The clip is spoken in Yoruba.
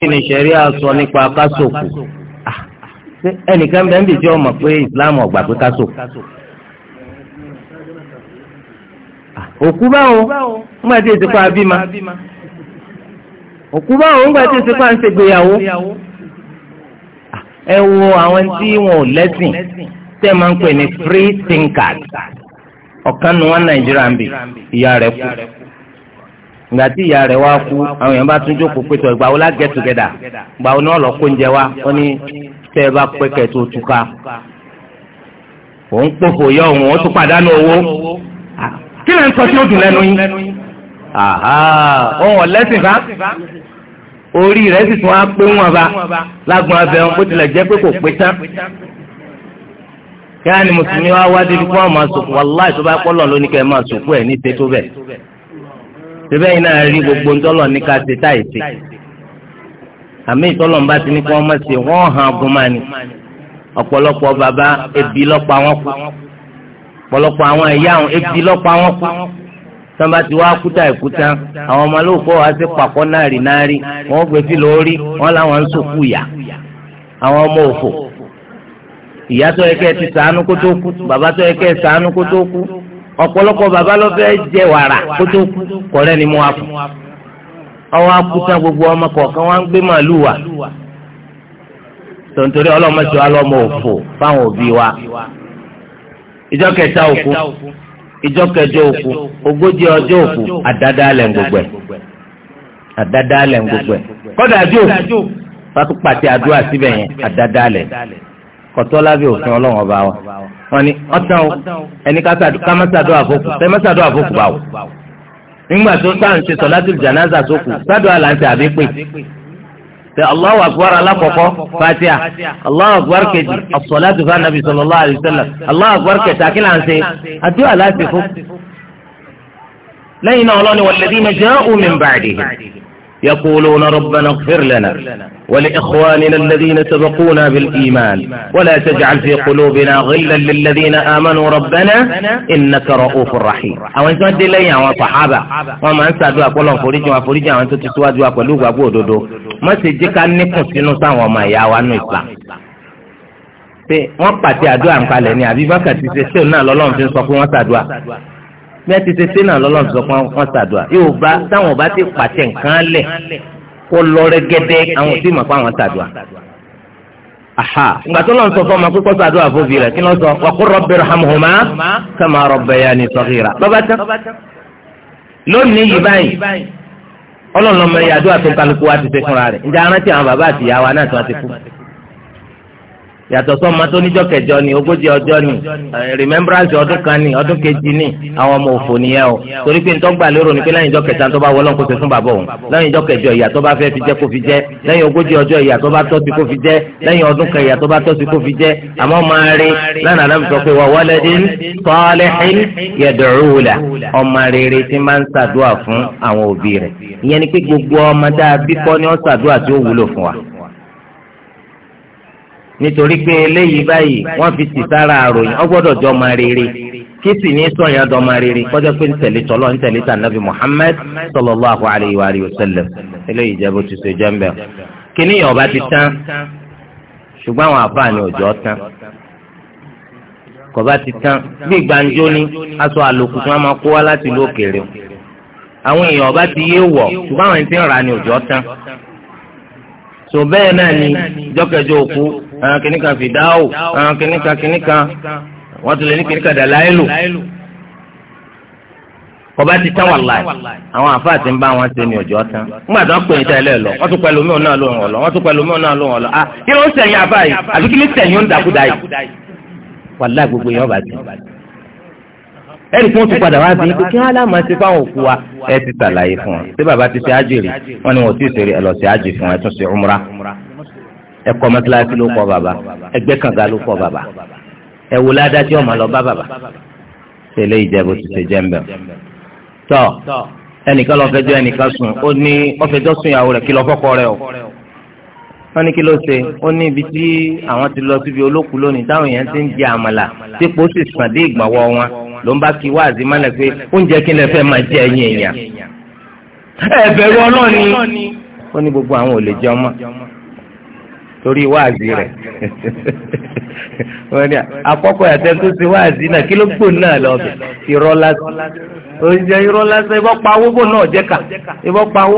kí ni ṣẹ̀ríà sọ nípa kásòkò ah, ẹnìkan bẹ́ẹ̀ ah, ń bì jẹ́ ọmọ pé ìsìláàmù ọ̀gbà pé kásòkò. òkú báwo ńgbà tí èsì pa abímá òkú báwo ńgbà tí èsì pa ń ṣègbéyàwó ah, ẹ wo àwọn tí wọn ò lẹ́sìn tẹ́ máa ń pè ní free thinkers ọ̀kan nu wọn nàìjíríà ń bì ìyá rẹ̀ kú. ìgbà tí ìyá rẹ̀ wá kú àwọn èèyàn bá tún jókòó pé ìgbà wo la get together ìgbà wo náà lọ kó oúnjẹ wa ó ní tẹ́ ẹ bá pẹ́ kẹ́ tó túká òun pòfò yọ òun ó tún pàdánù owó kí lè ń sọ tí ó dùn lẹ́nu yín ohun ọ̀lẹ́sìn fa orí rẹ̀ sì tún á pé wọn ba lágbọn abẹ wọn bó tilẹ̀ jẹ́ pé kò pé tán kí á ní mùsùlùmí wá wá débi kí wọ́n máa sòkò wàláì tó bá pọ́ lọ́n lóníkẹ́ síbẹ̀ yìí náà rí gbogbo ńtọ́lọ̀ ní ká ṣe táì ṣe àmì ìtọ́lọ̀ ń bá ti ní kí wọ́n má ṣe wọ́n hàn agumani ọ̀pọ̀lọpọ̀ bàbá ebi lọ́pọ̀ àwọn kù ọ̀pọ̀lọpọ̀ àwọn ẹ̀yà àwọn ebi lọ́pọ̀ àwọn kù sọba ti wá kúta ìkúta àwọn ọmọ lóòkọ́ wa ṣe pàkọ́ náàrí náàrí wọ́n gbé sí lórí wọ́n làwọn ń sòkú ìyá àwọn ọmọ òfò ìyá tó yẹ kẹ́ ti ṣàánú kó tó bàbá tó yẹ kẹ́ ẹ ṣàánú kó ọ̀pọ̀lọpọ̀ bàbá ló fẹ́ jẹ wàrà kó tó kú kọ̀rẹ́ ni mo wà fún ọwọ́ akúta gbogbo ọmọ kọ̀ọ̀kan wá ń gbé màlúù wà tontori ọlọ́mọṣẹ́ wa lọ́mọ òfò fáwọn òbí wa ìjọ kẹta òkú ìjọ kẹjọ òkú ogójì ọjọ́ òkú àdádálẹ̀ ń gbogbo ẹ̀ àdádálẹ̀ ń gbogbo ẹ̀ kọ́dà àjò fatu àdúrà síbẹ̀ yẹn àdádálẹ̀ kọtọ lábẹ́ òfin Ọlọ́run ọba wa wọ́n ní ọtán o ẹni ká má sàdó àfọkù ẹ má sàdó àfọkù bá o nígbà tó ń sáà ń ṣe sọ̀látù jànáza sókù sàdó àlàǹtẹ̀ àbí pè tẹ Allahu akbar alakọkọ fatiha Allahu akbar kejì as-salatu fún anabi sallallahu alaihi wasallam Allahu akbar kẹta kí là ń ṣe àdó àlàǹtẹ̀ fún. lẹ́yìn náà ọlọ́ni walladhina ja'u min ba'dihim يقولون ربنا اغفر لنا ولإخواننا الذين سبقونا بالإيمان ولا تجعل في قلوبنا غلا للذين آمنوا ربنا إنك رؤوف رحيم أو أنت مدل لي أو صحابة وما أنت أدوا كلهم فريجي وفريجي وأنت تسوى أدوا كلهم أبو دودو ما سيجيك أن نقص نصا وما يعوى أنه إسلام في وقت أدوا أمكالني أبي بكت في سيسيونا لولون في نصفه وما سأدوا bí ẹ ti ṣe ṣe náà lọ́lọ́run sọ fún wọn ṣàdùà yóò bá táwọn ọba ti pàṣẹ nǹkan lẹ̀ kó lọ rẹ́gẹ́dẹ́ àwọn tí mà fún àwọn ṣàdùà. aha ìgbà tó lọ́n sọ fún ọmọ pípọ́ ṣàdùà fún bìrẹ̀ kí ló sọ wa qur rabbi irhamhuma kama rabbayani saghira bàbá tán. lónìí yìí báyìí ọlọ́run lọ́mọ ìyàdó àtúntàlùkù wa ti ṣe fúnra rẹ̀ ǹjẹ́ arántí àwọn bàbá yàtọ̀ sọ́mọ tó níjọ́ kẹjọ ni ogójì ọjọ́ ni eh, remembrance ọdún kan ni ọdún kejì ni àwọn ọmọ òfò nìyẹn o torí pé nítorí gbà lérò ni pé lẹ́yìn ìjọ́ kẹta tó bá wọlọ́n kó ṣe fún bàbá òun lẹ́yìn ìjọ́ kẹjọ ìyà tó bá fẹ́ fi jẹ́ kó fi jẹ́ lẹ́yìn ogójì ọjọ́ ìyà tó bá tọ́ sí kó fi jẹ́ lẹ́yìn ọdún kan ìyà tó bá tọ́ sí kó fi jẹ́ àmọ́ máa rí lánàá náà waladin salihin yad'u lahu ọmọ rere tí máa ni pé gbogbo ọmọ dáa bíkọ́ ni ó nítorí pé eléyìí báyìí wọ́n fi tì sára àròyìn ọgbọ́dọ̀ jọ máa rere kí sì ní sọ̀yà jọ máa rere kọjá pé ntẹ̀lé tọ́lọ́ ntẹ̀lé tà nàbì Muhammad sallallahu alayhi wa sallam eléyìí jẹ́ bó ti ṣe jẹ́ mbẹ́. kíní ọba ti tán ṣùgbọ́n àwọn àfààní òjò tán kọba ti tán bí gbàǹjo ni aṣọ àlòkù tí wọ́n máa kó wá láti ìlú òkèèrè àwọn èèyàn ọba ti yé wọ̀ ṣùgbọ́n àwọn ẹni tí ń rà ní òjò tán. sọ bẹ́ẹ̀ náà ni ìjọ́kẹjọ òkú Ah, kìnnìkan fìdáwò ah, kìnnìkan kìnnìkan wọ́n ti lè ní kìnnìkan dàláìlù kọba ti tán wàláì àwọn àfáà ti ń bá wọn ṣe ní ọjọ́ tán nígbà tó ń pè é tẹ ẹlẹ lọ wọ́n tún pẹ̀lú mí ò náà lóhùn ọlọ wọ́n tún pẹ̀lú mí ò náà lóhùn ọlọ ah kí ló ń sẹyìn àfáà yìí àbí kí ló ń sẹyìn ó ń dàkúdà yìí wàláì gbogbo yẹn ọba ti ẹnì kan tún padà wá bí kí wọn láàmú ẹsẹ fáwọn òkú wa ẹ ti ṣàlàyé fún wọn ṣé bàbá ti ṣe àjèrè wọn ni wọn ò tí ì ẹ kọ́ mọ́kíláàsì ló kọ́ bàbá ẹgbẹ́ kànga ló kọ́ bàbá ẹ wò ládàjọ ọmọ lọ bá bàbá tẹ́lẹ̀ ìjẹbù ti ṣe jẹmbẹ tọ ẹnìkan lọ fẹjọ́ ẹnìkan sùn ó ní ọfẹjọ́ sùn ìyàwó rẹ̀ kí lọ fọkọ rẹ̀ o wọ́n ní kí ló ṣe ó ní ibi tí àwọn ti lọ síbi olókùú lónìí táwọn èèyàn ti ń jẹ àmàlà sípò sì sàn dé ìgbàwọ wọn ló ń bá kí wáàzí mọ́lẹ̀ pé oúnjẹ kí lẹ fẹ́ máa jẹ ẹ̀yin èèyàn ẹ bẹ̀rù ọlọ́ọ̀ni ó ní gbogbo àwọn ò lè jẹun mọ́ torí wáàzì rẹ̀ wọ́n ní àkọ́kọ́ ẹ̀tẹ́ tó ti wáàzì náà kí ló gbò náà lọ́bẹ̀ irọ́ lásán oúnjẹ irọ́ lásán ibọ́ pawó bò náà jẹ́ka ibọ́ pawó